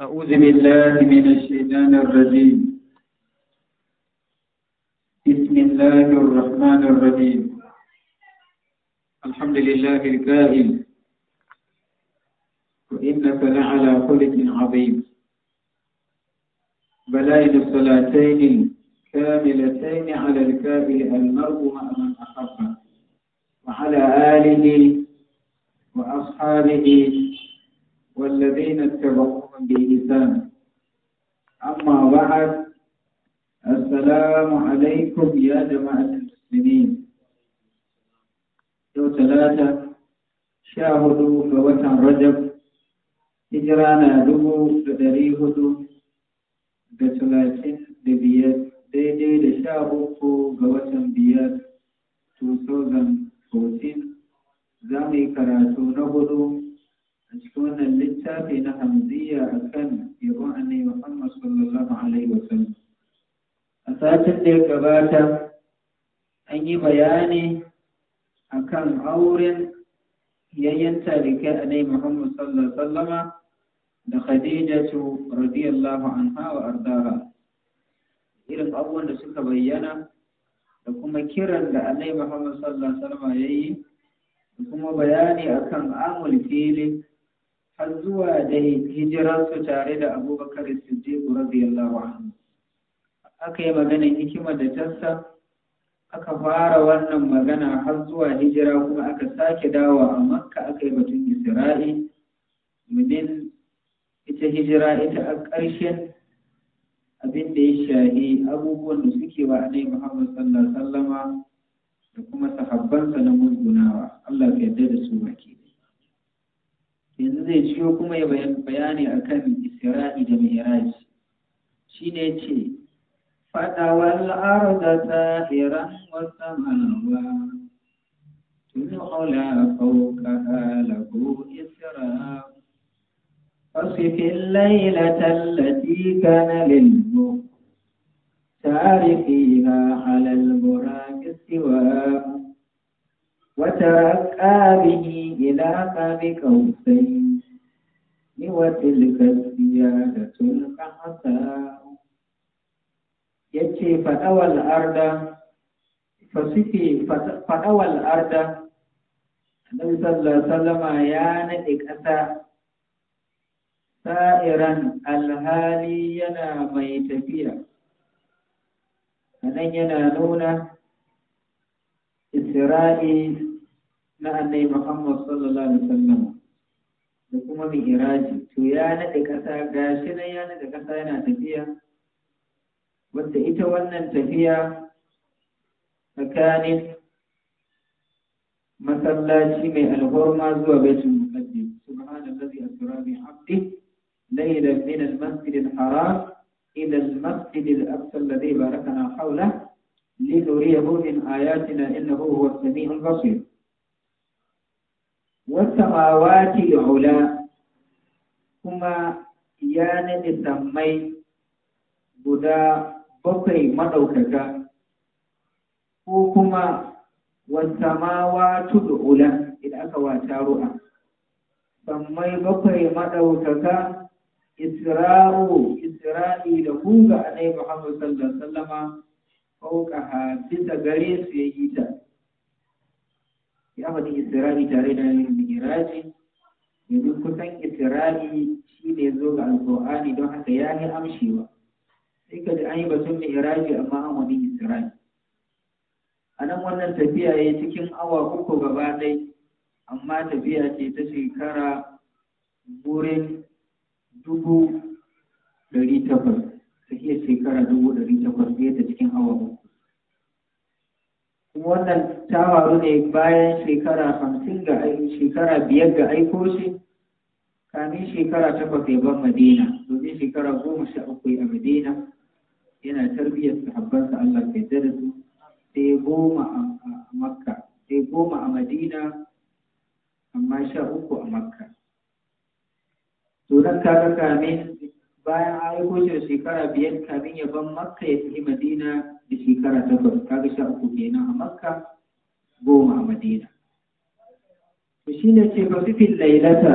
أعوذ بالله من الشيطان الرجيم بسم الله الرحمن الرحيم الحمد لله الكاهن وإنك لعلى خلق عظيم بلائد الصلاتين كاملتين على الكافر المرء مع من أحبه وعلى آله وأصحابه والذين اتبقوا بإحسان أما بعد السلام عليكم يا جماعة المسلمين يوم ثلاثة شاهدوا فوتا رجب هجرانا دمو فدري هدو بثلاثين دبيات daidai da sha uku ga watan biyar 2014 za mu yi karatu na hudu a cikin wannan littafi na hamziya a kan yabon annabi Muhammad sallallahu alaihi wasallam. A satin da ya gabata an yi bayani a kan auren yayyan talikai annabi Muhammad sallallahu alaihi wasallama da Khadijatu radiyallahu anha wa ardaha. Irin abubuwan da suka bayyana da kuma kiran da annabi Muhammad sallallahu alaihi wasallama ya yi da kuma bayani akan amul fili har zuwa da hijiransu tare da abubakar siddiq radiyallahu anhu aka yi magana hikima da tassa aka fara wannan magana har zuwa hijira kuma aka sake dawa a makka aka yi batun isra'i domin ita hijira ita a ƙarshen abin da ya shahi abubuwan da suke wa annabi Muhammad sallallahu alaihi da kuma sahabbansa na musgunawa Allah ya yarda da su baki yanzu zai ciyo kuma ya bayani akan isra'i da mi'raj ne ce fada wal arda tahiran wa samawa tun ola fauka lahu isra فصف الليلة na كان للمختار فيها على البراك سواه wata به إلى قاب قوسين وتلك الزيادة القحطاء yace fadawal arda fasike fadawal arda annabi sallallahu alaihi wasallama ya nade ƙasa sa'iran alhali yana mai tafiya anan yana nuna isra'i لأن محمد صلى الله عليه وسلم لكم من إراج تيانا تكسا قاشنا يانا تكسا ينا تفيا وتأتونا تفيا فكانت مثلا شمي الغرمى زوى بيت المقدم سبحان الذي أسرى بحقه ليلا من المسجد الحرام إلى المسجد الأقصى الذي باركنا حوله لنريه من آياتنا إنه هو السميع البصير samawati ula kuma ya nade sammai guda bakwai madaukaka ko kuma wasamawatu ula idan aka wata ru'a sammai bakwai madaukaka isra'u isra'i da kunga annabi Muhammad sallallahu alaihi wasallama ha bisa gare su yayi ta ya faɗi isra'i tare da miraji domin kusan isra'i shi ne zo ga alƙur'ani don haka ya yi amshewa sai ka ji an yi batun miraji amma an wani isra'i a nan wannan tafiya ya cikin awa uku gaba ɗai amma tafiya ce ta shekara burin dubu ɗari takwas ta shekara dubu ɗari takwas ɗaya ta cikin awa uku wannan ta faru ne bayan shekara hamsin ga aiki. shekara biyar ga aiko shi kamin shekara takwas ya ban madina domin shekara goma sha uku a madina yana tarbiyyar sahabbansa Allah bai da su sai goma a makka sai goma a madina amma sha uku a makka to nan kaga kamin bayan aiko shi shekara biyar kamin ya ban makka ya tafi madina da shekara takwas kaga sha uku kenan a makka goma a madina to shi ne ce ka sifin lailata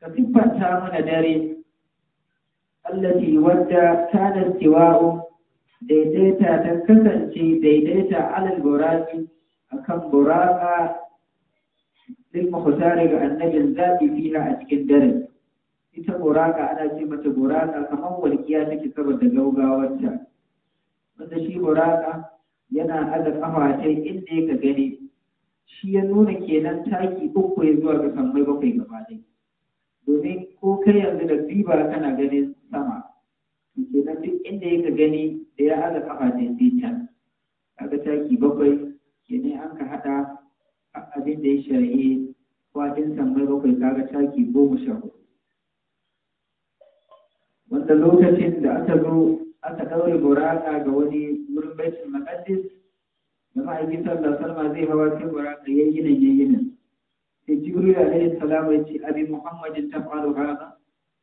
ka siffanta mana dare allati wadda kanar tiwa'u daidaita ta kasance daidaita alal a kan buraka din mahusari ga annabin zabi fiya a cikin dare ita buraka ana ce mata buraka kamar walƙiya take saboda gaugawarta wanda shi buraka yana aza kaface inda ka gani shi ya nuna kenan taki uku ya zuwa ga sammai bakwai gaba ɗaya domin ko kai yanzu da riba kana ganin sama kenan duk inda ka gani da ya aza kaface sai can kaga taki bakwai kenan an ka haɗa abin da ya shari'i kwadin sammai bakwai kaga taki goma sha hudu wanda lokacin da aka zo aka kawai buraka ga wani wurin baitul maqaddis da ma'aikin sallah salma zai hawa sai buraka yayyinin yayyinin sai jibril alaihi salam ya ce abi ta faru hada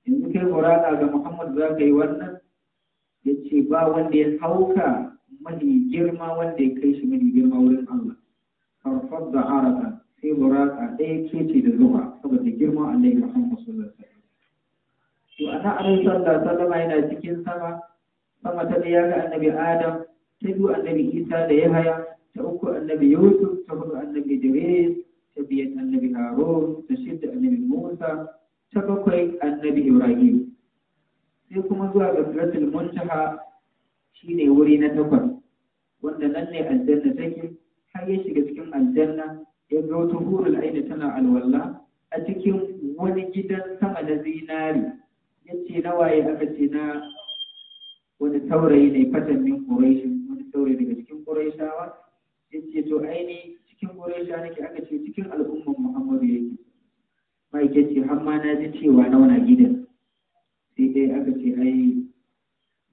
yanzu kai buraka ga muhammad za ka yi wannan ya ce ba wanda ya hauka mani girma wanda ya kai shi mani girma wurin Allah karfar da arata sai buraka ɗaya kece da zuwa saboda girma Allah ya Muhammad sallallahu alaihi wasallam to ana aran sallah sallama yana cikin sama sama ta ɗaya ga annabi adam ta biyu annabi isa da yahaya ta uku annabi yusuf ta hudu annabi jibril ta biyar annabi harun ta shidda annabi musa ta bakwai annabi ibrahim sai kuma zuwa ga suratul muntaha shine wuri na takwas wanda nan ne aljanna take har ya shiga cikin aljanna ya ga wata hurul aini tana alwalla a cikin wani gidan sama na zinari yace ce na waye aka ce na wani taurayi ne fatan min Quraysh wani taurayi daga cikin Qurayshawa yace to aini cikin quraisha nake aka ce cikin al'umman Muhammadu yake mai kace har ma na ji cewa na wani gidan sai dai aka ce ai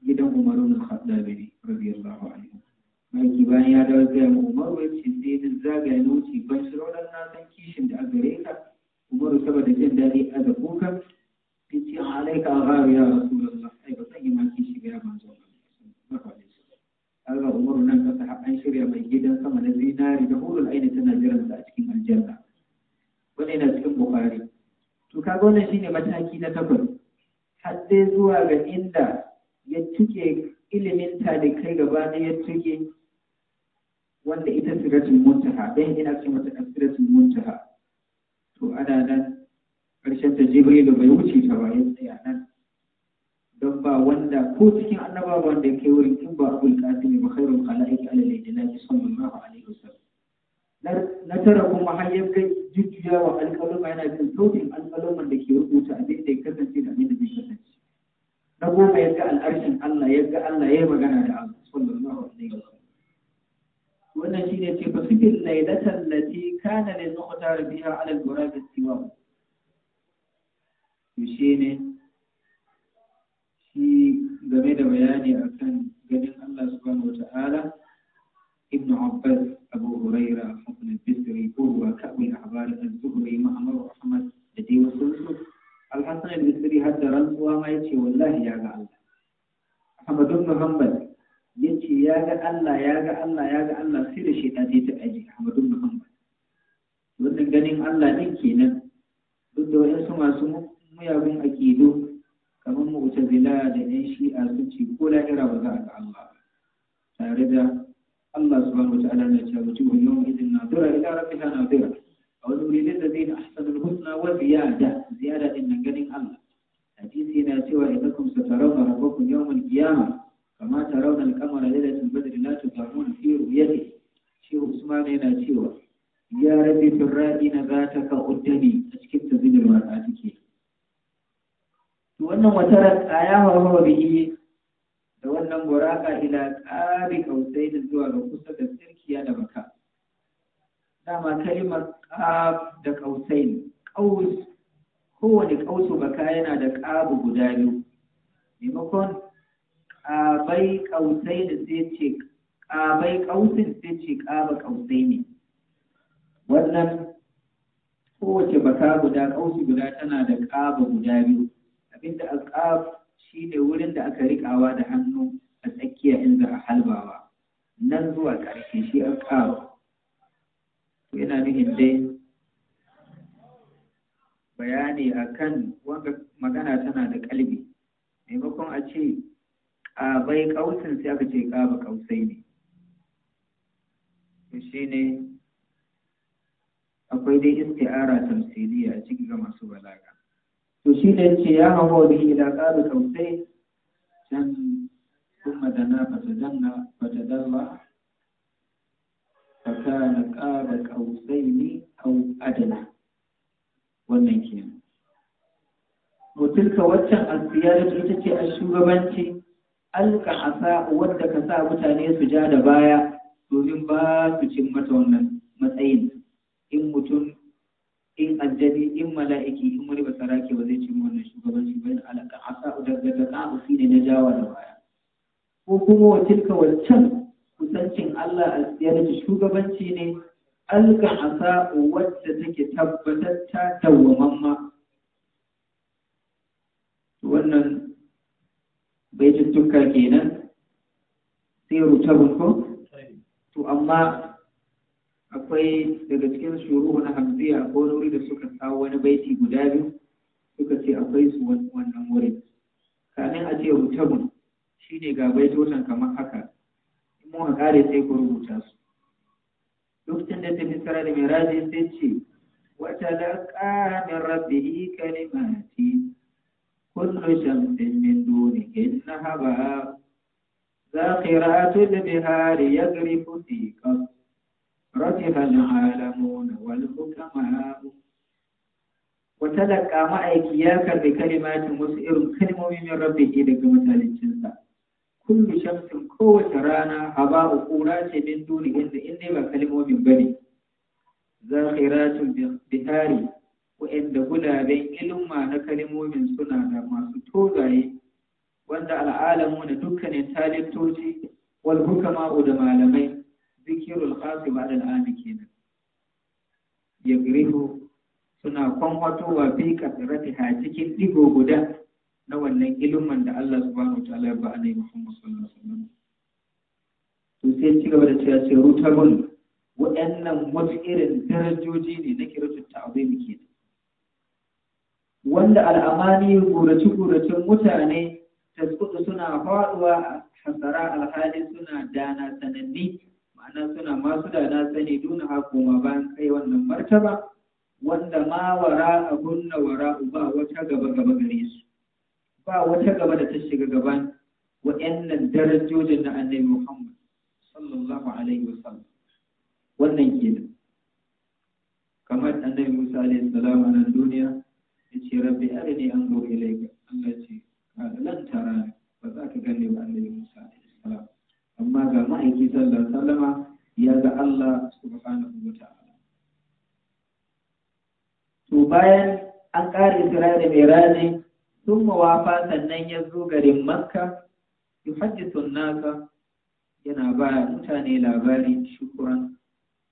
gidan Umar bin Khattab ne radiyallahu anhu mai bayan ya dawo ga Umar yace sai din zaga ya wuce ban shi na san kishin da a gare ka Umar saboda jin dadi a da kuka yace alaika gharu ya rasulullah sai zan yi ya Allah Umaru nan kasa an shirya mai gidan sama na zinari da hulul aini tana jiran a cikin aljanna wani yana cikin bukari to kaga wannan shine mataki na takwas har sai zuwa ga inda ya cike ilimin kai gaba da ya cike wanda ita siratul muntaha dan ina ce mata siratul muntaha to ana nan karshen ta jibrilu bai wuce ta ba ya tsaya nan don ba wanda ko cikin annaba ba wanda ke wurin in ba abul qasim ba khairul khalaiq ala lidina sallallahu alaihi wasallam na tara kuma har ya kai jujjuya wa alƙaluma yana jin sautin alƙaluman da ke rubuta abin da ya kasance da abin da bai kasance na goma ya ga al'arshin Allah ya ga Allah ya yi magana da Allah sallallahu alaihi wasallam wannan shine ce fa fikil laylatan lati kana lil muqtar biha ala al-ghurab istiwa shine shi game da bayani akan ganin Allah subhanahu wa ta'ala ibn Abbas Abu Huraira Hassan al-Bisri ko wa Ka'bul Ahbar al-Zuhri Muhammad Ahmad da dai wasu su Al-Hassan al-Bisri har da rantsuwa ma yace wallahi ya ga Allah Ahmad ibn ya yace ya ga Allah ya ga Allah ya ga Allah sai da shi ta je ta aji Ahmad ibn Muhammad wannan ganin Allah ne kenan duk da wayansu masu muyagun aƙidu kamar mu'tazila da yan shi'a sun ce ko lahira ba za a ga Allah tare da Allah subhanahu wataala na cewa mutum yawm idin nadira ila na nadira a wani wuri ne da zai na ahsanul husna wa ziyada ziyada din nan ganin Allah hadisi yana cewa idakum satarawna rabbakum yawmal qiyamah kama tarawna al-qamara lailatul badri la tudamuna fi ru'yati shi Usman yana cewa ya rabbi ta zataka uddani a cikin tazinul wa'ati ke to wannan wataran hawa harwa biyi da wannan buraka ila ƙari kausai da zuwa ga kusa da tsirkiya da baka dama kalimar ƙaf da kausai ƙaus kowane ƙausu baka yana da ƙabu guda biyu maimakon ƙabai kausai da sai ce ƙabai ƙausin sai ce ƙaba kausai ne wannan kowace baka guda ƙausu guda tana da ƙaba guda biyu abinda alƙaf shi ne wurin da aka riƙawa da hannu a tsakiya inda a halbawa nan zuwa ƙarshe shi alƙaf yana nufin dai bayani akan wanda magana tana da kalbi maimakon a ce ƙabai ƙausin sai aka ce ƙaba ƙausai ne to shi ne akwai dai isti'ara tamsiliya a ciki ga masu balaga to shi da yake ya hawa bihi ila qadu tawsay dan kuma da na fata danna fata dalla fakana qada qausaini aw adana wannan kenan mutilka waccan asiyar ita ce a shugabanci alka asa wadda ka sa mutane su ja da baya domin ba su cin mata wannan matsayin in mutum in aljani in mala'iki in wani basarake ba zai ci wannan shugabanci ba in alaka asa daga ta'usi ne na jawa da baya ko kuma wa ka wancan kusancin Allah ya nace shugabanci ne alka asa wacce take tabbatar ta ma wannan bai baituttuka kenan sai rutabun ko to amma akwai daga cikin shuru na hamziya ko wuri da suka kawo wani baiti guda biyu suka ce akwai su wannan wurin kamin a ce mu shi ne ga baitotan kamar haka in muka kare sai ku rubuta su lokacin da ta fi tsara da miraji sai ce wata laƙa min rabbihi kalimati kullu shamsin min dunihi nahaba ذا ya البهار يغرف في قصر رجف العالمون والحكماء وتلقى معك ياك بكلمات مسئر كلمة من ربه لك مثال الجنسة كل شمس قوة رانا هباء قولات من دون إن إني بكلمة من بني زاخرات بهاري وإن دهنا بين إلما kalmomin من سنة ما tozaye وإن al'alamu na dukkanin talentoci wal hukama'u da al-qasim ba da al'ani kenan ya grihu suna kwanwatowa fi ha cikin digo guda na wannan ilimin da Allah subhanahu ta'ala ya ba alai Muhammad sallallahu alaihi wasallam to sai ci gaba da cewa ce rutabun waɗannan wasu irin darajoji ne na kiratu ta'azimi ke wanda al'amani gurace gurace mutane tasbutu suna faduwa hasara alhali suna dana sananni ma'ana suna masu da na sani duna hakuma bayan kai wannan martaba wanda ma wara abun na wara ba wata gaba gaba gare su ba wata gaba da ta shiga gaban wa'annan darajojin na annabi Muhammad sallallahu alaihi wasallam wannan kenan kamar annabi Musa alaihi salam a nan duniya yace rabbi arini anzur ilayka Allah ce lan tara ba za ka gane ba annabi Musa alaihi salam amma ga ma'aiki sallar sallama ya ga Allah subhanahu wa ta'ala to bayan an ƙara Isra'ila mai rani sun mawafa sannan ya zo garin Makka yuhaddisun nasa yana ba mutane labari shukuran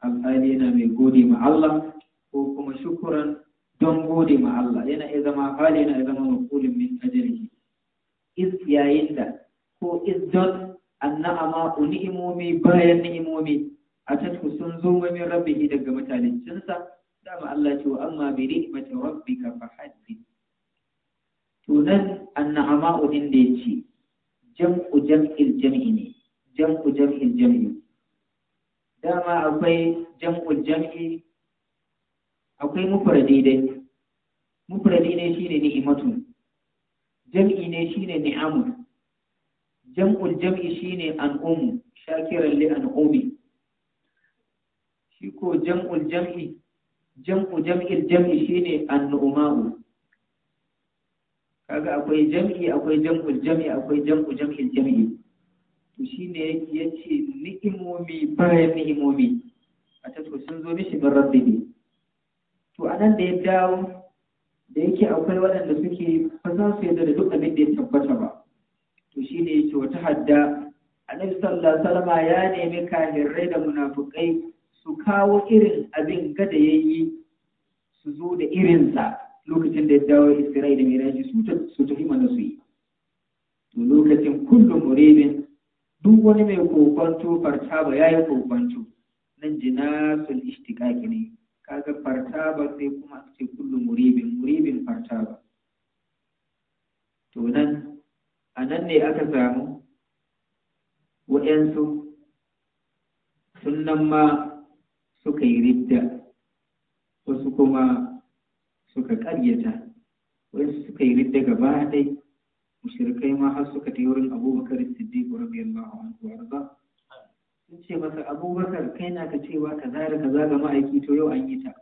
alhali yana mai gode ma Allah ko kuma shukuran don gode ma Allah yana iya zama hali yana iya zama makulin min ajalihi is yayin da ko is don annama ku ni'imomi bayan ni'imomi a tattu sun zo min rabbihi daga mutalincinsa dama Allah ce wa amma bi ni'mati rabbika fa haddi to nan annama udin da yace jam'u jam'il jam'i ne jam'u jam'il jam'i dama akwai jam'u jam'i akwai mufradi dai mufradi ne shine ni'matun jam'i ne shine ni'amun jam'ul jam'i shine an'umu shakiran li an'umi shi ko jam'ul jam'i jam'u jam'il jam'i shine an'umahu kaga akwai jam'i akwai jam'ul jam'i akwai jam'u jam'il jam'i to shine yace ni'imomi bayan ni'imomi a ta to sun zo mishi rabbi. rabbihi to anan da ya dawo da yake akwai waɗanda suke ba za su yarda da duk abin da ya tabbata ba to shine yake wata hadda annabi sallallahu alaihi wasallama ya nemi kafirai da munafukai su kawo irin abin gada yayi su zo da irinsa lokacin da ya dawo Isra'ila mai raji su tafi mana su yi to lokacin kullum muridin duk wani mai kokonto fartaba yayi kokonto nan jinasul ishtiqaqi ne kaga fartaba sai kuma ce kullum muridin muribin fartaba to nan a nan ne aka samu wa'yansu sunan nan ma suka yi ridda wasu kuma suka ƙaryata wasu suka yi ridda gaba dai mushrikai ma har suka ta wurin abubakar siddiq radiyallahu anhu warda sun ce masa abubakar kai na ka cewa kaza da kaza ga ma'aiki to yau an yi ta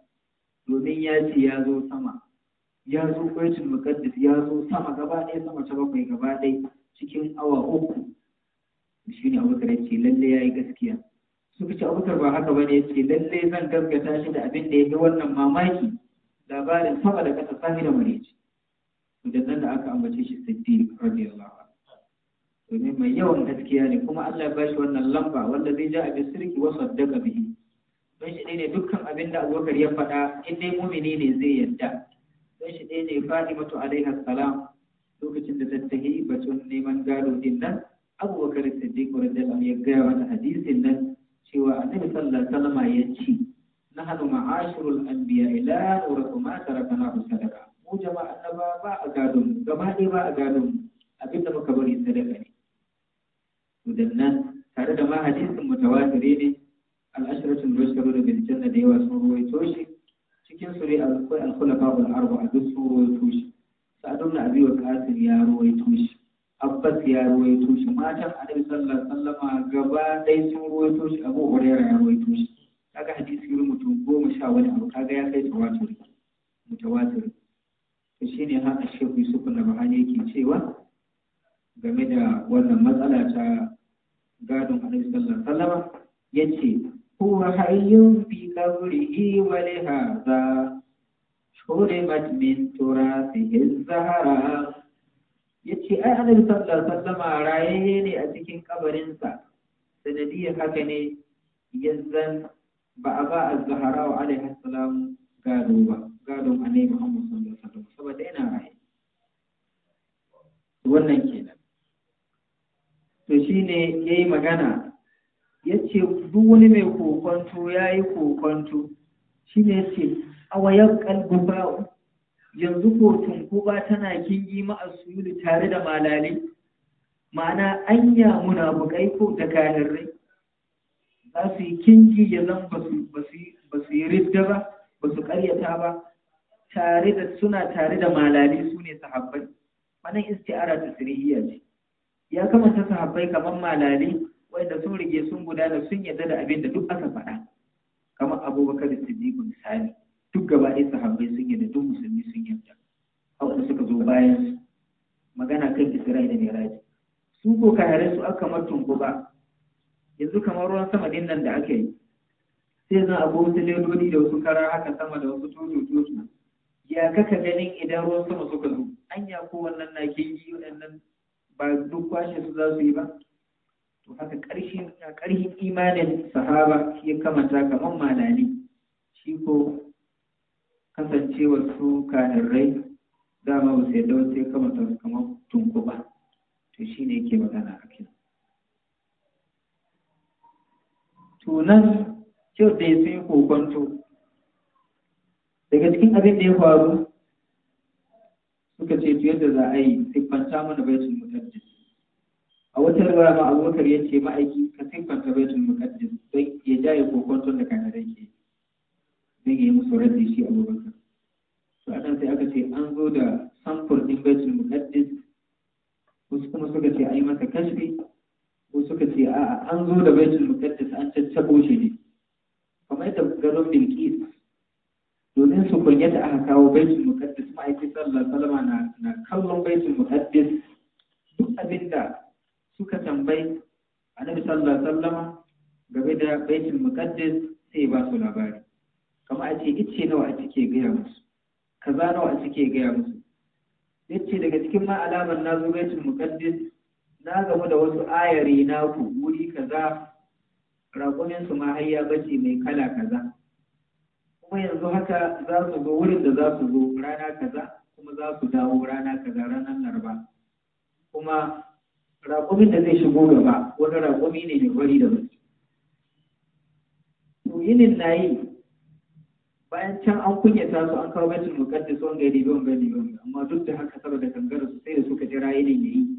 domin ya ce ya zo sama ya zo baitul muqaddas ya zo sama gaba ɗaya sama ta bakwai gaba ɗaya cikin awa uku shi ne abubakar ya ce lalle ya yi gaskiya suka ce abubakar ba haka bane ya ce lalle zan gaskata shi da abin da ya ga wannan mamaki labarin sama da kasa sami da mareci da nan da aka ambace shi siddiq radiyallahu domin mai yawan gaskiya ne kuma Allah ba shi wannan lamba wanda zai ja abin sirki wa saddaka bihi don shi ne dukkan abin da abubakar ya faɗa in dai mumini ne zai yadda sai shi ɗaya ne Fatimatu alaiha salam lokacin da ta tahi batun neman gado din nan Abubakar Siddiq radiyallahu anhu ya gaya wata hadisin nan cewa Annabi sallallahu alaihi wasallam ya ce nahnu ma'ashirul anbiya ila uratu ma tarakana sadaqa mu jama'a annaba ba a gado mu gaba ɗaya ba a gado mu abinda muka bari sadaka ne to nan tare da ma hadisin mutawatire ne al-ashratul basharu da bil janna da yawa sun ruwaito shi cikin su dai akwai al-khulafa wal arba'a duk su tushe shi sa'adun na abi waqas ya ruwaito tushe abbas ya ruwaito tushe matan annabi sallallahu alaihi wasallam gaba dai sun ruwaito tushe abu hurairah ya ruwaito tushe kaga hadisi wurin mutum goma sha wani abu kaga ya kai tawatur mutawatir to shine haka shehu yusuf na bahani yake cewa game da wannan matsala ta gadon annabi sallallahu alaihi wasallam yace هو حي في قوله ولهذا حرمت من تراثه الزهراء yace ai annabi sallallahu raye ne a cikin kabarinsa sanadiyar haka ne yanzan ba a ba a zahara wa alaiha salam gado ba gadon ne Muhammad sallallahu alaihi wasallam saboda yana raye wannan kenan to shine yayi magana ya ce duk wani mai kokonto ya yi kokonto shi ne ce awayar kalbu ba'u yanzu ko tunkuba tana kingi ma'asulu tare da malale ma'ana anya bukai ko da rai za su yi kingi ya zan ba su yi ridda ba ba su karyata ba tare da suna tare da malale su ne sahabbai iske ara ta sirriya ce ya kamata sahabbai kamar malale wanda sun rige sun gudana sun yadda da abin da duk aka faɗa kamar abubakar yi misali duk gaba ɗaya sahabbai sun yadda duk musulmi sun yadda wanda suka zo bayan magana kan isra'i da miraji su ko kayarai su aka matun ba yanzu kamar ruwan sama din nan da aka yi sai zan abu wasu ledodi da wasu kara haka sama da wasu toto toto ya kaka ganin idan ruwan sama suka zo anya ko wannan na kin yi waɗannan ba duk kwashe su za su yi ba to haka ƙarfin imanin sahaba shi ya kamata kamar malali shi ko kasancewar su rai dama ba sai da wata ya kamata su kamar tunku ba to shi ne yake magana a kai Tunan kyau da ya sun kokonto daga cikin abin da ya faru suka ce tuyar da za a yi siffanta mana baitul mutaddis a wata riwaya ma abubakar ya ce ma'aiki ka siffanta baitul muqaddas don ya jaye kokonton da kana ke zai yi musu rasi shi abubakar to a sai aka ce an zo da samfur din baitul muqaddas wasu kuma suka ce a yi masa kashfi wasu suka ce a'a an zo da baitul muqaddas an caccabo shi ne kamar yadda garon bilkis domin su kunyata aka kawo baitul muqaddas ma'aikin sallallahu alaihi wasallam na kallon baitul muqaddas duk abinda suka tambayi annabi sallallahu alaihi wasallam game da baitul muqaddas sai ba su labari kamar a ce ice nawa a cike gaya musu kaza nawa a cike gaya musu yace daga cikin ma alamar na zo baitul muqaddas na gamu da wasu ayari na ku wuri kaza raƙumin su ma hayya bace mai kala kaza kuma yanzu haka za su zo wurin da za su zo rana kaza kuma za su dawo rana kaza ranar laraba kuma raƙumin da zai shigo gaba wani raƙumi ne mai wari da baki to yinin na yi bayan can an kunyata su an kawo baitul muqaddas wanga gari don gani don amma duk da haka saboda kangara su sai da suka jira yinin yayi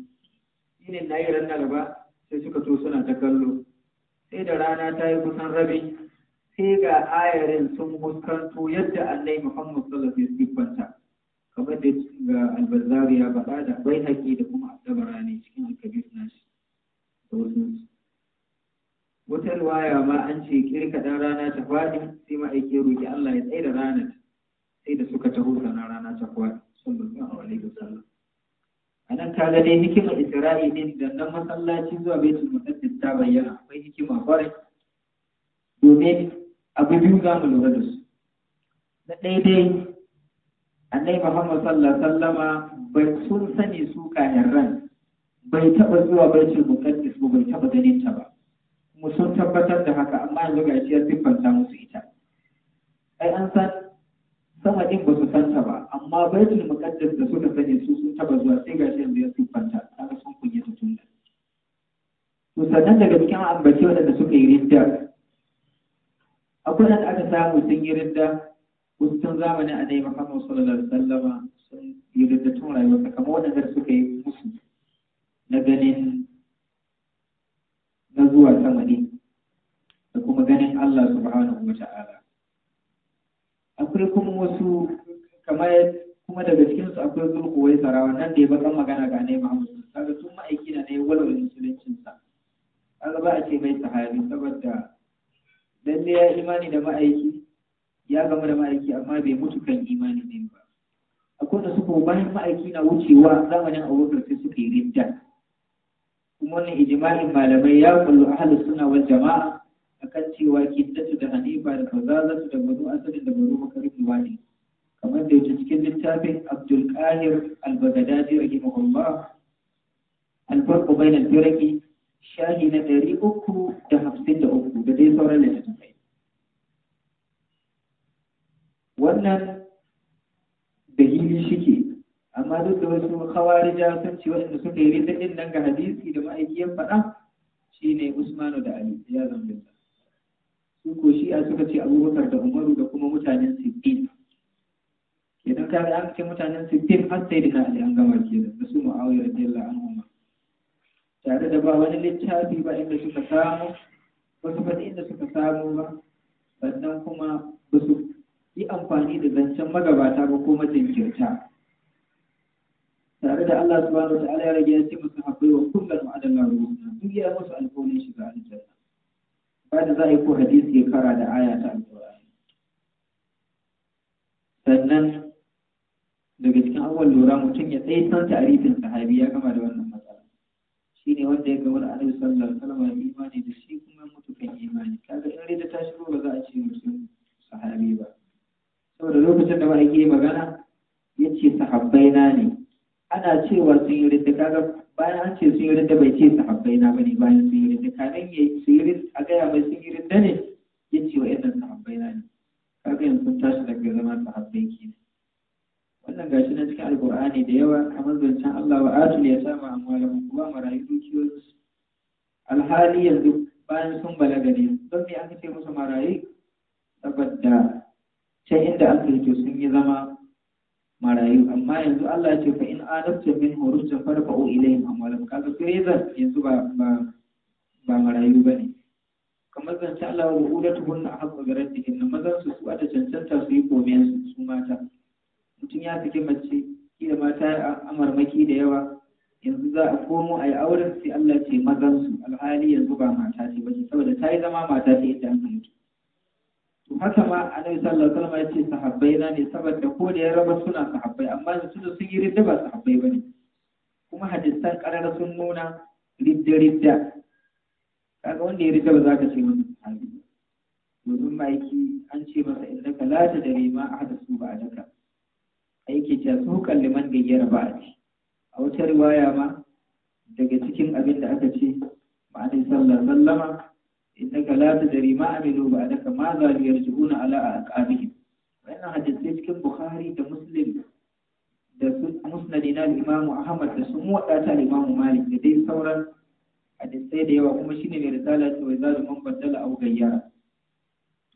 yinin na yi ran laraba sai suka to suna ta kallo sai da rana ta yi kusan rabi sai ga ayarin sun muskanto yadda annai muhammad sallallahu alaihi wasallam ya kamar da ga albazari ya faɗa da bai haƙi da kuma tabarani cikin alkabir nashi da wasu wata ruwaya ma an ce kirka dan rana ta faɗi sai ma'aikin roƙi Allah ya tsaye da ranar sai da suka taho sana rana ta faɗi sallallahu alaihi wasallam a nan ka ga dai hikimar isra'i ne da nan masallaci zuwa bai baitul muqaddas ta bayyana akwai hikima kwarai domin abu biyu za mu lura da su na ɗaya dai annai muhammad sallallahu sallama bai sun sani su kayan ran bai taɓa zuwa baitul muqaddis ba bai taɓa ganin ta ba kuma sun tabbatar da haka amma yanzu ga shi ya siffanta musu ita ai an san sama din ba su san ta ba amma baitul muqaddis da suka sani su sun taba zuwa sai ga shi yanzu ya siffanta kaga sun kunya ta tunda to sannan daga cikin ambaci wanda suka yi ridda akwai nan aka samu sun yi ridda wancan zamani a dai Muhammad sallallahu alaihi wasallama sun yi tun rayuwarsa kamar waɗanda suka yi musu na ganin na zuwa samani da kuma ganin Allah subhanahu wa ta'ala akwai kuma wasu kamar kuma daga cikin su akwai zulku wai sarawa nan da ya bakan magana ga Annabi Muhammad kaga tun ma'aiki na ne walwal musuluncin sa kaga ba a ce mai sahabi saboda lalle ya imani da ma'aiki ya gama da ma'aiki amma bai mutu kan imani ne ba akwai da suka bayan ma'aiki na wucewa zamanin abubakar sai suka yi rinja kuma wannan ijimalin malamai ya kullu ahalus sunna wal jama'a akan cewa kiddatu da hanifa da fazazatu da banu asalin da banu makarfi ne kamar da yake cikin littafin abdul qahir al-baghdadi rahimahullah al-farq bayna al-firqi shahi na 353 da dai sauran littattafai wannan dalili shike amma duk da wasu khawarija sun ci waɗanda suka yi rinda ɗin nan ga hadisi da ma'aikiyar faɗa shine Usmanu da Ali ya da su ko shi a suka ce Abubakar da Umaru da kuma mutanen Sittin idan ka ga an ce mutanen Sittin har sai da Ali an gama ke da su Muawiya an anhu tare da ba wani littafi ba inda suka samu wasu ba inda suka samu ba sannan kuma ba su yi amfani da zancen magabata ba ko mataimakinta tare da Allah subhanahu wata'ala ya rage ya ce musu haƙuri wa kullum ma'adalla ruhuna duk ya musu alƙawarin shiga aljanna ba da za a yi ko hadisi ya kara da aya ta alƙur'ani sannan daga cikin awon lura mutum ya tsaye san tarifin sahabi ya kama da wannan matsala shi ne wanda ya gama da annabi sallallahu alaihi wasallam imani da shi kuma mutu kan imani kaga in rida ta shigo ba za a ce mutum sahabi ba saboda lokacin da ma'aiki magana ya ce sahabbai na ne ana cewa sun yi rinda kaga bayan an ce sun yi rinda bai ce sahabbai na bane bayan sun yi rinda kanan ya sun yi rinda a gaya mai sun yi rinda ne ya ce wa yadda sahabbai na ne kaga yanzu sun tashi daga zama sahabbai ke wannan gashi na cikin alkur'ani da yawa kamar zancen Allah wa atul ya sama amwalan kuma marayu dukiyoyinsu alhali yanzu bayan sun balaga ne don me aka ce musu marayu saboda can inda aka yi sun yi zama marayu amma yanzu Allah ya ce fa in anabta min hurujja farfa'u ilayhim amwalam kaga freezer yanzu ba ba ba marayu bane kamar ta Allah wa ulatu a ahabba garar in mazan su su ata cancanta su yi komiyan su su mata mutum ya saki mace kila mata ya amarmaki da yawa yanzu za a komo a yi auren sai Allah ce mazan su alhali yanzu ba mata ce ba saboda ta yi zama mata ce ita an mutu haka ma annabi sallallahu alaihi salama ya ce sahabbai na ne saboda ko da ya raba suna sahabbai amma da suna sun yi ridda ba sahabbai ba ne, kuma hadisan karara sun nuna ridda ridda kaga wanda ya ridda ba za ka ce wani sahabi domin ma'aiki an ce masa a hada su ma a daka. aiki ta su kalliman gayyara ba a ce a wata riwaya ma daga cikin abin da aka ce ma'anin sallar sallama innaka la tadri ma amilu ba'daka ma za yarji'una ala aqabihim wannan hadisi cikin bukhari da muslim da musnad na imamu ahmad da sun wadata imamu malik da dai sauran hadisai da yawa kuma shine mai risala ta wai zalu man baddala aw gayyara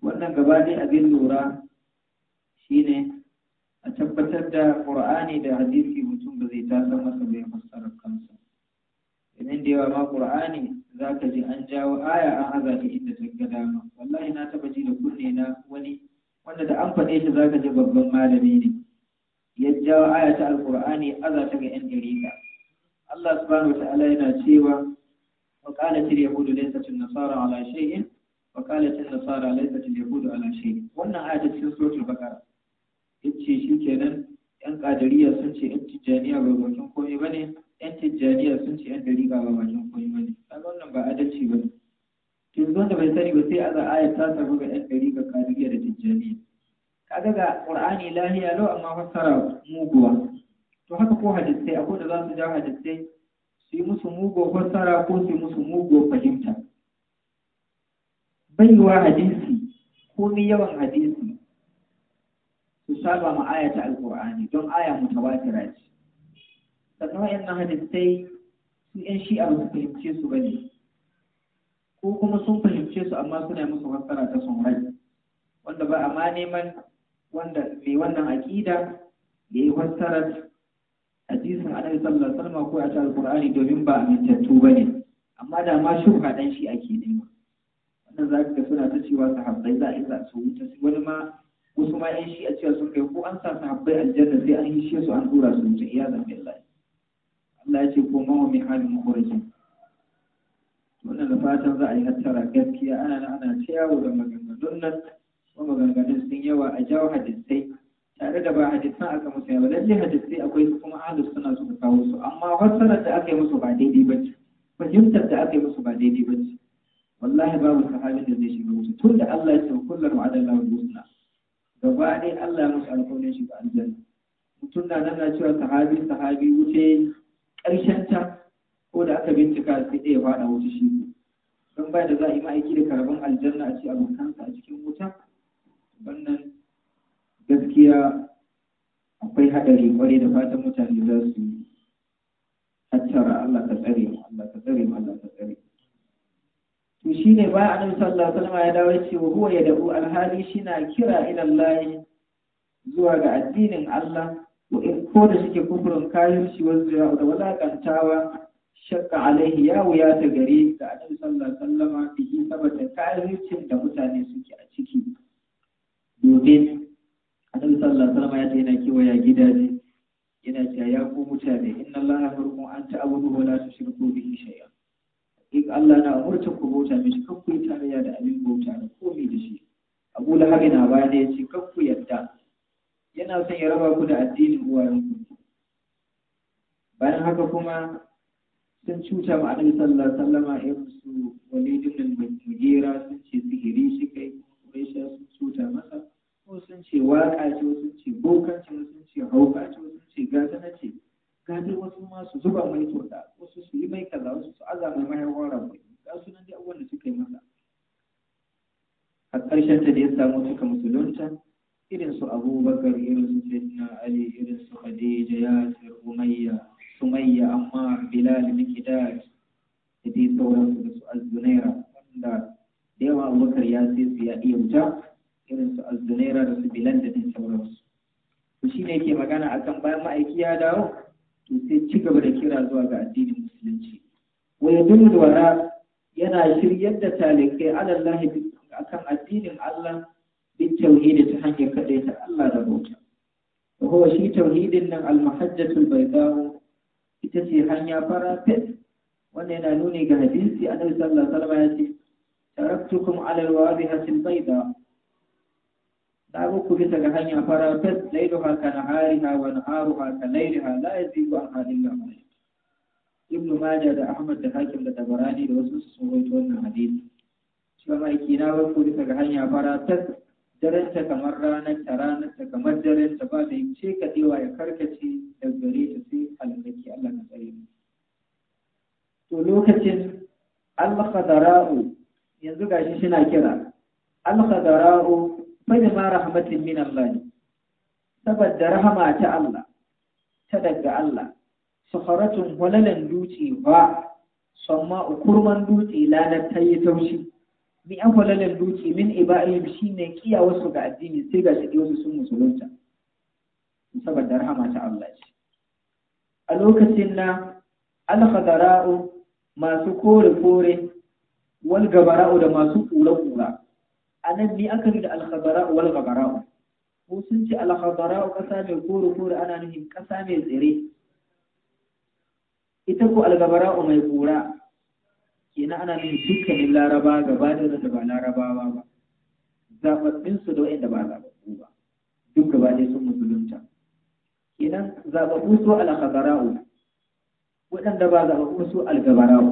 wannan gaba dai abin lura shine a tabbatar da qur'ani da hadisi mutum ba zai tasa masa bai fassara kansa idan da yawa ma qur'ani ka ji an jawo aya an haza ta inda ta ga dama wallahi na taba ji da kunne na wani wanda da an faɗe shi ka ji babban malami ne ya jawo aya ta alqur'ani aza ta ga yan jarida Allah subhanahu wataala yana cewa wa qalat al-yahudu laysat an-nasara ala shay'in wa qalat an-nasara laysat al-yahudu ala shay'in wannan aya ta cikin suratul baqara yace kenan yan kadariya sun ce yan tijaniya bai bakin komai bane yan tijjaniya sun ce yan dariƙa ba bakin koyi ba ne kaga wannan ba adalci ba ne zo da bai sani ba sai aza ayat ta samu ga yan dariƙa kariya da tijjaniya kaga ga ƙur'ani lahiya lau amma fassara muguwa to haka ko hadisai ko da za su ja hadisai su yi musu muguwa fassara ko su yi musu muguwa fahimta baiwa hadisi ko ni yawan hadisi su saba ma ayata alqur'ani don aya mutawatira ce sannan wa'annan sai su yan shi a su fahimce su ba ne ko kuma sun fahimce su amma suna musu fassara ta sun rai wanda ba a neman wanda mai wannan aƙida ya yi fassarar hadisin annabi sallallahu alaihi wasallam ko a ta alqur'ani domin ba mintattu ba ne amma da ma ka dan shi ake nema wannan za ka suna ta cewa sahabbai za a za su wuce wani ma wasu ma yan shi a cewa sun kai ko an sa sahabbai aljanna sai an yi shi su an dora su wuce iya zan billahi Allah ya ce ko mawa min halin mukhrijin wannan da fatan za a yi hattara gaskiya ana nan ana ta yawo da maganganun nan kuma maganganun sun yawa a jawo hadisai tare da ba hadisan aka musu yawa lalle hadisai akwai su kuma ahlus suna su kawo su amma fassarar da aka yi musu ba daidai ba ce fahimtar da aka yi musu ba daidai ba ce wallahi babu sahabin da zai shiga musu tun da Allah ya ce kullum ma'adalla wa husna gaba ɗaya Allah ya musu alƙawarin ga aljanna mutum na nan na cewa sahabi sahabi wuce ƙarshen ta ko da aka bincika sai ɗaya faɗa wuta shi ne don ba da za a yi ma'aiki da karaban aljanna a ce abokansa a cikin wuta wannan gaskiya akwai haɗari kwarai da fatan mutane za su yi Allah ka tsare mu Allah ka tsare mu Allah ka tsare to shine ba annabi sallallahu alaihi wasallam ya dawo ce wa huwa yad'u alhali na kira ila Allah zuwa ga addinin Allah ko da suke kufurin kayan shi wanzu da walakantawa shakka alaihi ya wuya ta gare ga annabi sallallahu Sallama wasallam bihi saboda kayircin da mutane suke a ciki domin annabi sallallahu Sallama ya ce yana kewaya gidaje yana cewa ya ku mutane inna allaha yamurukum an wala su la tushriku bihi shay'a in Allah na umurta ku bauta shi, kan ku yi tarayya da abin bauta da komi da shi Abu Lahab na bayan ya ce kan ku yadda yana son ya raba ku da addinin uwayenku bayan haka kuma sun cuta ma sallar sallama alaihi wani karkace da gare ta sai halakaki Allah na tsare mu to lokacin al-khadara'u yanzu gashi suna kira al-khadara'u fa ma rahmatin min Allah saboda rahama ta Allah ta daga Allah safaratun walalan duci ba samma kurman dutse lanar ta yi taushi bi an walalan dutse min iba'ihim shine kiya wasu ga addini sai ga shi wasu sun musulunta saboda rahama ta Allah ce a lokacin na alhadara'u masu kore-kore wal gabara'u da masu kura-kura a nan ne aka da alhadara'u wal gabara'u ko sun ce alhadara'u ƙasa mai kore-kore ana nufin ƙasa mai tsire ita ko algabara'u mai kura kenan ana nufin dukkanin laraba gaba da da ba larabawa ba zaɓaɓɓinsu da waɗanda ba zaɓaɓɓu ba duk gaba ɗaya sun musulunta kenan zaɓaɓɓu su al-khabara'u waɗanda ba zaɓaɓɓu su al-gabara'u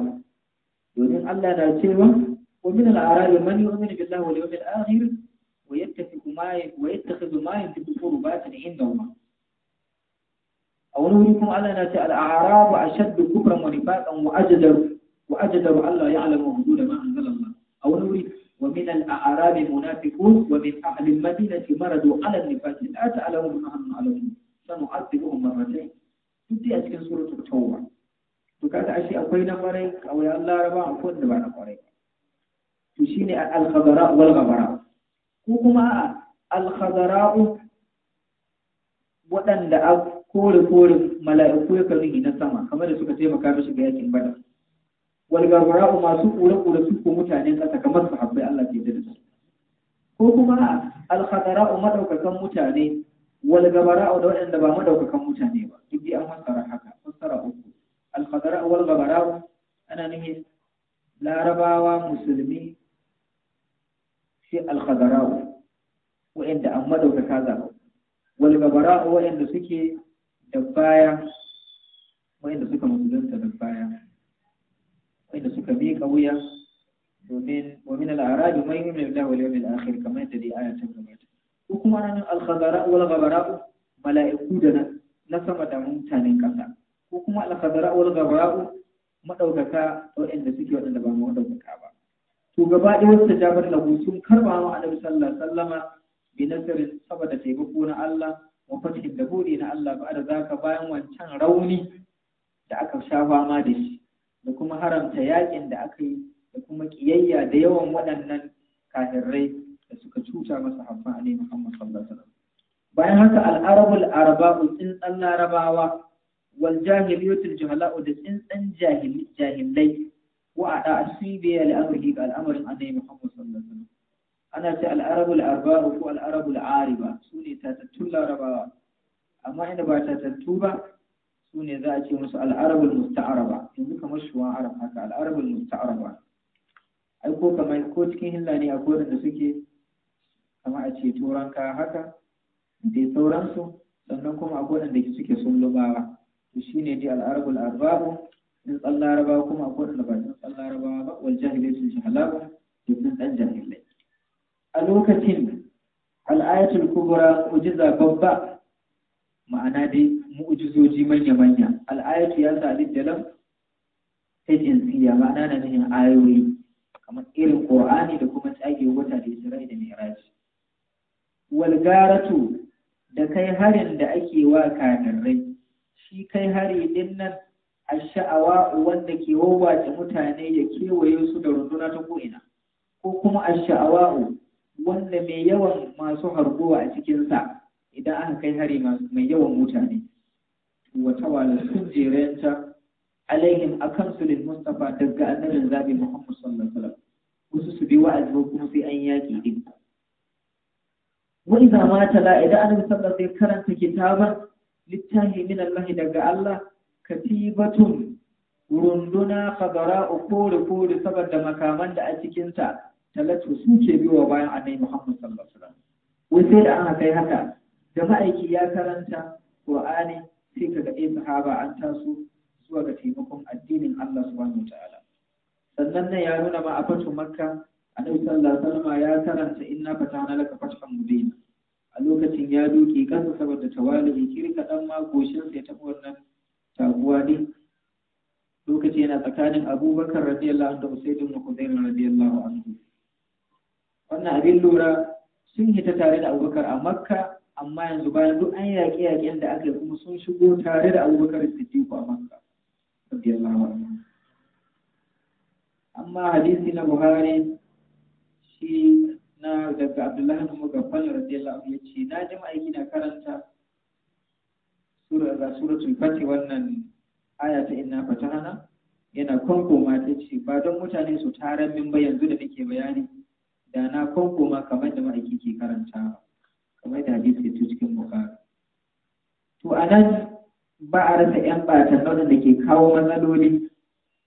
domin Allah na cewa wa min al-a'rabi man yu'minu billahi wal yawmil akhir wa yattakhidhu ma wa yattakhidhu ma yantiqu qurbatan indahum a wani wuri kuma Allah na ce al-a'rabu ashaddu kufran wa nifaqan wa ajdaru wa ajdaru Allah ya'lamu hudud ma anzala Allah a wani wuri ومن الأعراب منافقون ومن أهل المدينة مرضوا على النفاق لا تعلمهم نحن نعلمهم sanu'azzibuhum marratayn duk a cikin suratul tauba to kaga ashe akwai na kwarai kawai Allah raba akwai da ba na kwarai to shine al-khadara wal ghabara ko kuma al-khadara waɗanda a kore kore mala'iku ya kan na sama kamar da suka taimaka mishi ga yakin bada wal ghabara masu kore kore su ko mutanen kasa kamar sahabbai Allah ke da su ko kuma al-khadara madaukakan mutane wal gabara'u da waɗanda ba madaukakan mutane ba duk dai an fassara haka fassara uku al khadara wal gabara'u ana nufin larabawa musulmi sai al khadara'u waɗanda an madaukaka za wal gabara'u waɗanda suke da baya waɗanda suka musulunta da baya waɗanda suka miƙa wuya domin wa min al-arabi man yu'minu billahi wal yawmil akhir kamar yadda dai ayatin gabata ko kuma nan al wal ghabara mala'iku da na sama da mutanen kasa ko kuma al-khadara wal ghabara madaukaka waɗanda suke waɗanda ba mu madaukaka ba to gaba ɗaya wasu jabar lahu sun karba wa annabi sallallahu alaihi wasallama bi nasarin saboda taimako na Allah wa fatihin da buɗe na Allah ba da zaka bayan wancan rauni da aka sha fama da shi da kuma haramta yakin da aka yi da kuma kiyayya da yawan waɗannan kafirai da suka cuta masa habban Ali Muhammad sallallahu alaihi wasallam bayan haka al-arabul arba'u tsintsan larabawa wal jahiliyatul jahala'u da tsintsan jahilai wa ada asibi al-amri ga al'amarin annabi Muhammad sallallahu alaihi wasallam ana ce al-arabul arba'u ko al-arabul ariba sune tatattun larabawa amma inda ba tatattu ba sune za a ce musu al-arabul musta'araba yanzu kamar shuwan arab haka al-arabul musta'araba ai ko kamar ko cikin hilla ne akwai da suke kama a ce turan kaya haka da sauransu sannan kuma a da suke sun lubawa to shine dai al'arabul arbabu in tsan larabawa kuma a da ba in tsan larabawa ba wal jahilai sun halabu da sun ɗan jahilai a lokacin al'ayatul kubra mu'jiza babba ma'ana dai mu'jizoji manya-manya al'ayatu ya sa dalam ta jinsiya ma'ana na nihin ayoyi kamar irin ƙorani da kuma tsage wata da isra'i da mai raji walgaratu da kai harin da ake wa kafirai shi kai hari din nan a shaawa wanda ke wawace mutane ya kewaye su da runduna ta ko'ina ko kuma a shaawa wanda mai yawan masu harbowa a cikin sa idan aka kai hari mai yawan mutane wa tawala sun jerenta alaihim akan su lil mustafa daga annabin zabi muhammad sallallahu alaihi wasallam wasu su bi wa'azi ko kuma sai an yaki din la idan annabi sallallahu alaihi wasallam karanta كتابا littahi min Allah daga Allah katibatun runduna kabara kore kore saboda makaman da a cikin ta talatu su ke bayan annabi Muhammad sallallahu alaihi wasallam wai sai da aka kai haka da ma'aiki ya karanta Qur'ani sai kaga eh sahaba an taso zuwa ga taimakon addinin Allah subhanahu wataala sannan nan ya nuna ma a fatu Makka annabi sallallahu alaihi wasallam ya karanta inna fatana laka fathan mubina a lokacin ya doke kansa saboda tawali kiri kirka ma magoshin sai ta wannan taguwa ne lokaci yana tsakanin abubakar radiyallahu anhu da usaid na khuzair radiyallahu anhu wannan abin lura sun hita tare da abubakar a makka amma yanzu bayan duk an yaƙe yaƙen da aka yi kuma sun shigo tare da abubakar siddiq a makka radiyallahu anhu amma hadisi na buhari shi na daga abdullahi na mugaffal radiyallahu ya ce na ji ma'aiki na karanta sura suratul fati wannan aya ta inna fatahana yana kwankoma ta ce ba don mutane su taron min ba yanzu da nake bayani da na ma kamar da ma'aiki ke karanta kamar da hadisi ya cikin bukari to a nan ba a rasa yan batan da ke kawo matsaloli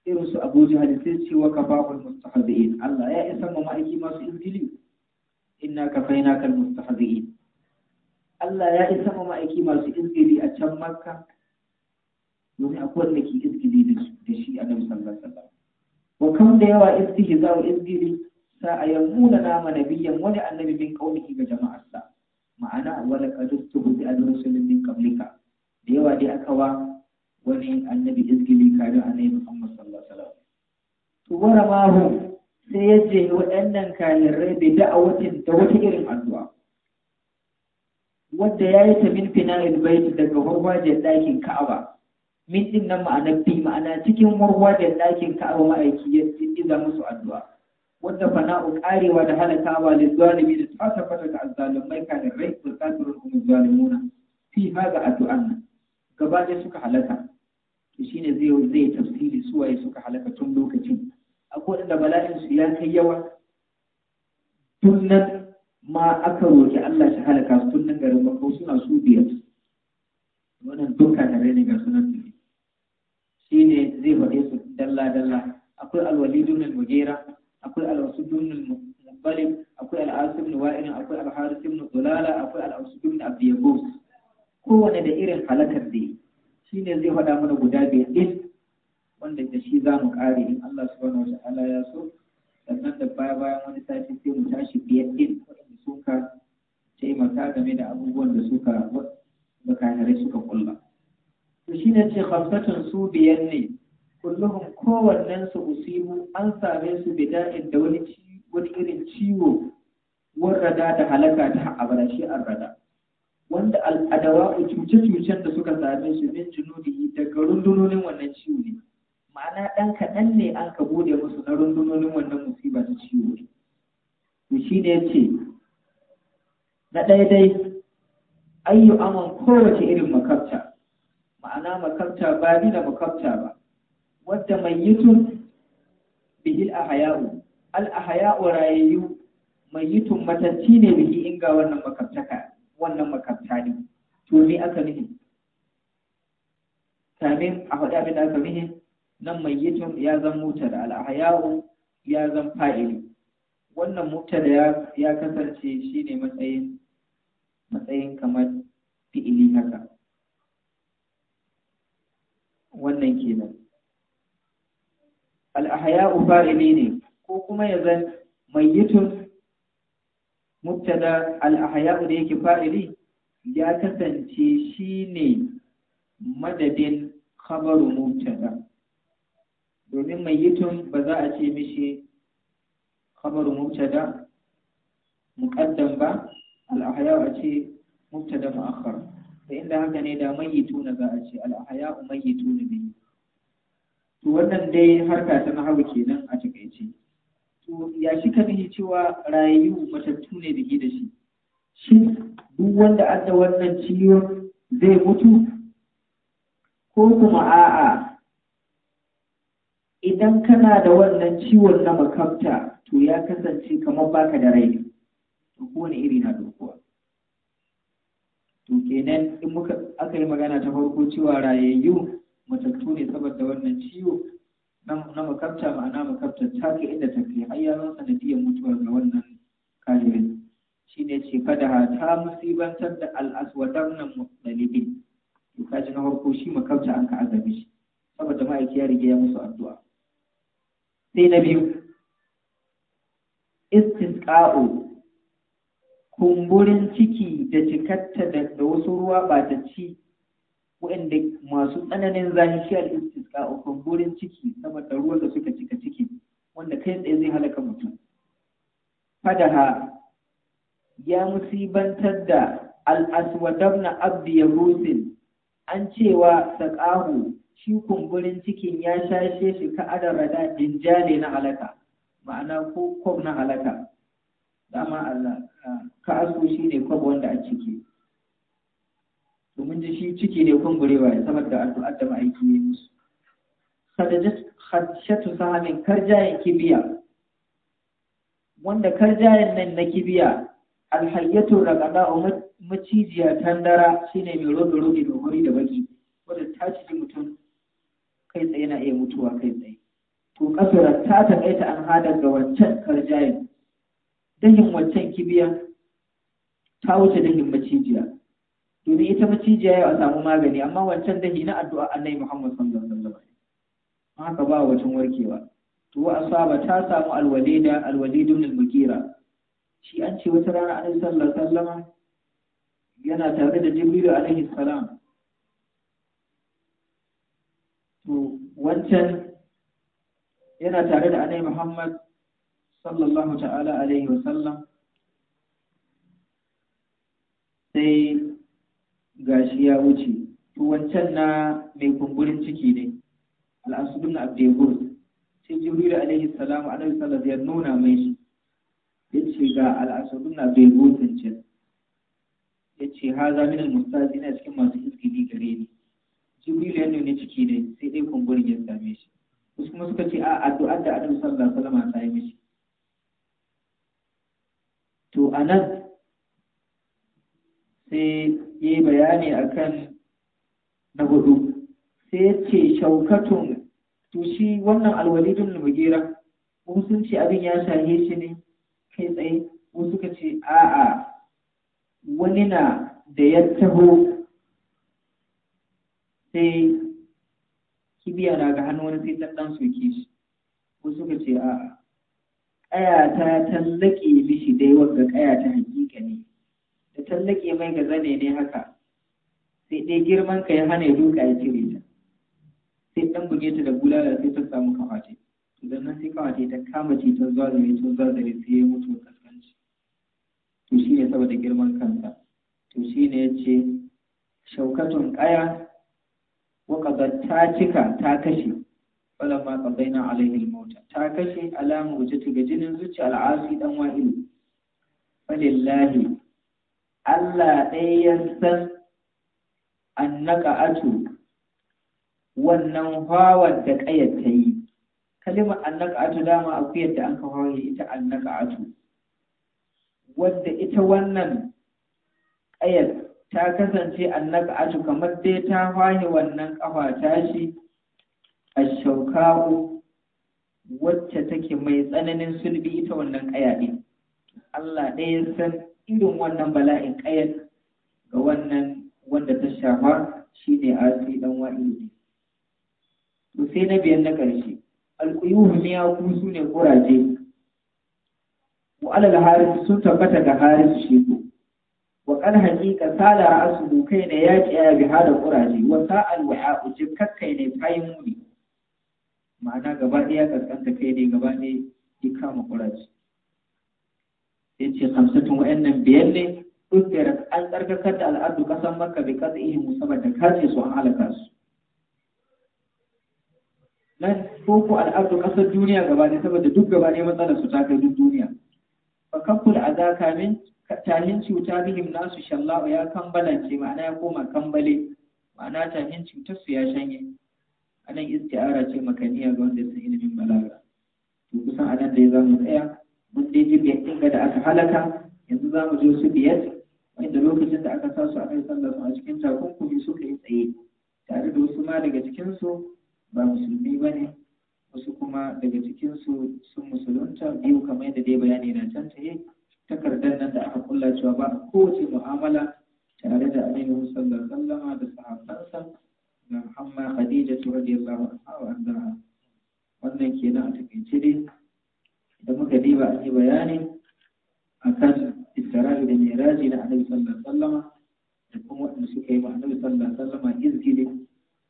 irin su Abuja jihar sai cewa ka ba mustahadin Allah ya isa ma ma'aiki masu izgili inna kafainaka almustahzi'in Allah ya isa ma ma'aiki masu izgiri a can Makka domin akwai wanda ke izgiri da shi a nan sallar alaihi wasallam wa kam da yawa istihza wa izgiri sa da nama biyan wani annabi min qaumihi ga jama'arsa ma'ana wala qadustuhu bi adrusulin min qablika da yawa dai aka wa wani annabi izgiri kare annabi Muhammad sallallahu alaihi wasallam to wara ma sai ya je waɗannan kafirai bi da'awatin da wata irin addu'a wanda ya yi ta min fina'il bait daga warwajen ɗakin Ka'aba min ɗin nan ma'anar bi ma'ana cikin warwajen ɗakin Ka'aba ma'aiki ya iza musu addu'a wanda fana'u ƙarewa da hana halakawa da zalimi da tsaka fata ga azzalumai kafirai da kafirun hum zalimuna fi ga addu'an nan gaba ɗaya suka halaka to shine zai zai tafsiri suwaye suka halaka tun lokacin akwai da bala'in su ya kai yawa tunan ma aka roƙi Allah shi halaka su tunan garin mako suna su biyar wannan duka tare ne ga sunan su shi ne zai faɗe su dalla dalla akwai alwali dunan mujera akwai alwasu dunan mubalik akwai al-asim ibn akwai al-harith dulala akwai al-ausud ibn kowane da irin halakar da shi ne zai faɗa mana guda biyar ɗin. wanda da shi za mu ƙare in Allah subhanahu wasu ya so sannan da baya bayan wani sati sai mu tashi biyar din waɗanda suka taimaka game da abubuwan da suka bakayarai suka kulla to shi ne ce hamsatun su biyar ne kulluhum kowannen su an same su bida'in da wani irin ciwo warrada da halaka ta abarashi shi rada wanda al'adawa cuce-cucen da suka same su min daga rundunonin wannan ciwo ne ma'ana ɗan kaɗan ne an ka bude musu na rundunonin wannan musiba ta ciwo to shi ne ya ce na ɗaya dai ayyu aman kowace irin makabta ma'ana makabta ba ni da makabta ba wadda mai yitun bihil ahaya'u al ahaya'u rayayyu mai tun matanci ne bihi inga wannan makabtaka wannan makabta ne to me aka nufi kamin a faɗi abin da aka nufi nan mayyitun ya zan da al'ahya'u ya zan fa'ili wannan da ya kasance shi ne matsayin kamar fi'ili haka wannan kenan al'ahya'u fa'ili ne ko kuma ya zan mayyitun mubtada al'ahya'u da yake fa'ili ya kasance shi ne madadin khabaru da. domin mai tun ba za a ce mishi khabaru mubtada muqaddam ba al-ahya a ce mubtada mu'akhkhar da inda haka ne da mayyituna za a ce al-ahya mayyituna ne to wannan dai harka ta na nahawu kenan a takaice to ya shi ka gani cewa rayu matattu ne da da shi shin duk wanda adda wannan ciwon zai mutu ko kuma a'a idan kana da wannan ciwon na makamta to ya kasance kamar baka da rai to kowane iri na dokuwa to kenan in muka aka yi magana ta farko cewa rayayyu matattu ne saboda wannan ciwo na makamta ma'ana makamta ta ke inda ta kai har ya zama sanadiyar mutuwar ga wannan kafirin ne ce fada ta musibantar da al'aswadar nan mutalibin to kaji na farko shi makamta an ka azabi shi saboda ma'aiki ya rige ya musu addu'a sai na biyu istisqa'u kumburin ciki da cikatta da wasu ruwa ba ta ci wa'anda masu tsananin zafi al-istisqa'u kumburin ciki saboda ruwa da suka cika ciki wanda kai tsaye zai halaka mutum fadaha ya musibantar da al-aswadabna abdi yahusin an cewa saqahu shi kumburin cikin ya shashe shi ka adarada injali na halaka ma'ana ko kwab na halaka dama Allah ka aso shi ne kwab wanda a ciki domin ji shi ciki ne kumburewa ya samar da addu'ar da ma'aiki ne musu sadajat ta sahamin karjayen kibiya wanda karjayen nan na kibiya alhayyatu raqada macijiya tandara shine mai rubi rubi da hori da baki wanda ta ciki mutum kai tsaye na iya mutuwa kai tsaye to kasuwar ta taƙaita an hada ga wancan karjayin dahin wancan kibiya ta wuce dahin macijiya domin ita macijiya ya samu magani amma wancan dahi na addu'a nai Muhammad sallallahu alaihi wasallam haka ba wacin warkewa to wa asaba ta samu alwalida alwalid ibn al-mugira shi an ce wata rana annabi sallallahu alaihi wasallam yana tare da jibril alaihi salam wancan yana tare da anai Muhammad sallallahu ta'ala alaihi wa sallam sai gashi ya wuce to wancan na mai kumburin ciki ne al'asudun abdegur sai jibril alaihi salamu alaihi salatu ya nuna mai shi ya ce ga al'asudun abdegur can ya ce ha za min na cikin masu iskili gare ni jibril ya nuna ciki ne sai dai kumburin ya same shi wasu kuma suka ce a addu'ar da annabi sallallahu alaihi wasallam ta yi mishi to anan sai yi bayani akan na hudu sai ya ce shaukatun to shi wannan alwalidun mugira wasu sun ce abin ya shahe shi ne kai tsaye wasu suka ce a'a wani na da ya taho sai kibiya daga hannu wani sai ta ɗan soke shi wasu suka ce a'a ƙaya ta tallake mishi dai wanda ƙaya ta hakika ne da tallake mai ga zane ne haka sai dai girman ka ya hana ya duka ya cire ta sai ɗan buge ta da bulala sai ta samu kawate to dan nan sai kawate ta kama ce ta zuwa zare ta zuwa zare sai ya mutu kaskanci to shi ne saboda girman kansa to shi ne ya ce shaukatun ƙaya وقد تاتك تاكشي فلما قضينا عليه الموت تاكشي على موجة جنين زوج العاصي دم وائل فلله ألا ينسى أنك أتو wannan hawar da ƙayar ta yi kalimar annaka atu dama akuyar da anka hawaye ita annaka atu ita wannan ƙayar ta kasance annaka atu kamar dai ta waye wannan kafa tashi a shaukawo wacce take mai tsananin sulbi ita wannan kaya Allah ɗaya ya san irin wannan bala'in kayan ga wannan wanda ta shafa shine asi dan wa'ili to sai na biyan na ƙarshe alƙuyuhu ya su ne kuraje wa alal Harisu sun tabbata ga Harisu shi وقد حقيقة سال رأسه كين ياجئ بهذا wa وساء الوحاء جبكك كين فايموني ma'ana gaba ɗaya kaskanta kai ne gaba ne ki kama kuraci ya ce hamsatun wa'annan biyan ne ɗubbiyar an tsarkakar da al'adu ƙasan makka bai kasa ihe musamman da kace su an halaka su nan koko al'adu ƙasar duniya gaba ne saboda duk gaba ne matsalar su ta kai duk duniya fa kakkul azaka min tahin cuta bihim nasu shalla'u ya kambalance ma'ana ya koma kambale ma'ana tahin cutar su ya shanye anan isti'ara ce makaniya ga wanda sun ilimin balaga to kusan anan da zamu tsaya mun dai ji bai dinga da aka halaka yanzu zamu mu je su biyar wanda lokacin da aka sa su a kai sallar su a cikin takunkumi suka yi tsaye tare da wasu ma daga cikinsu ba musulmi ba ne wasu kuma daga cikinsu sun musulunta biyu kamar yadda dai bayani na can takardar nan da aka kulla cewa ba a kowace mu'amala tare da aminu musallar sallama da sahabbansa da hamma khadija tu radiyallahu anha a anha wannan kenan a takaice dai da muka diba an yi bayani a kan isra'i da miraji na annabi sallar sallama da kuma waɗanda suka yi ma annabi sallar sallama izgili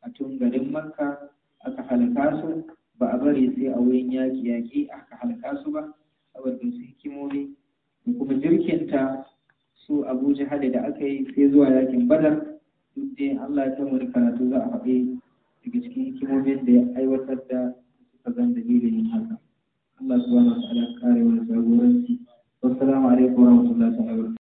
a tun garin makka aka halaka su ba a bari sai a wurin yaƙi-yaƙi aka halaka su ba saboda su hikimomi kuma jirkinta su abu jihadi da aka yi sai zuwa yakin badar duk dai allah ya samu da karatu za a faɗi daga cikin hikimomin da ya aiwatar da suka zan dalilin yin haka allah subhanahu wa ta'ala kare wani jagoranci wassalamu alaikum wa barakatuh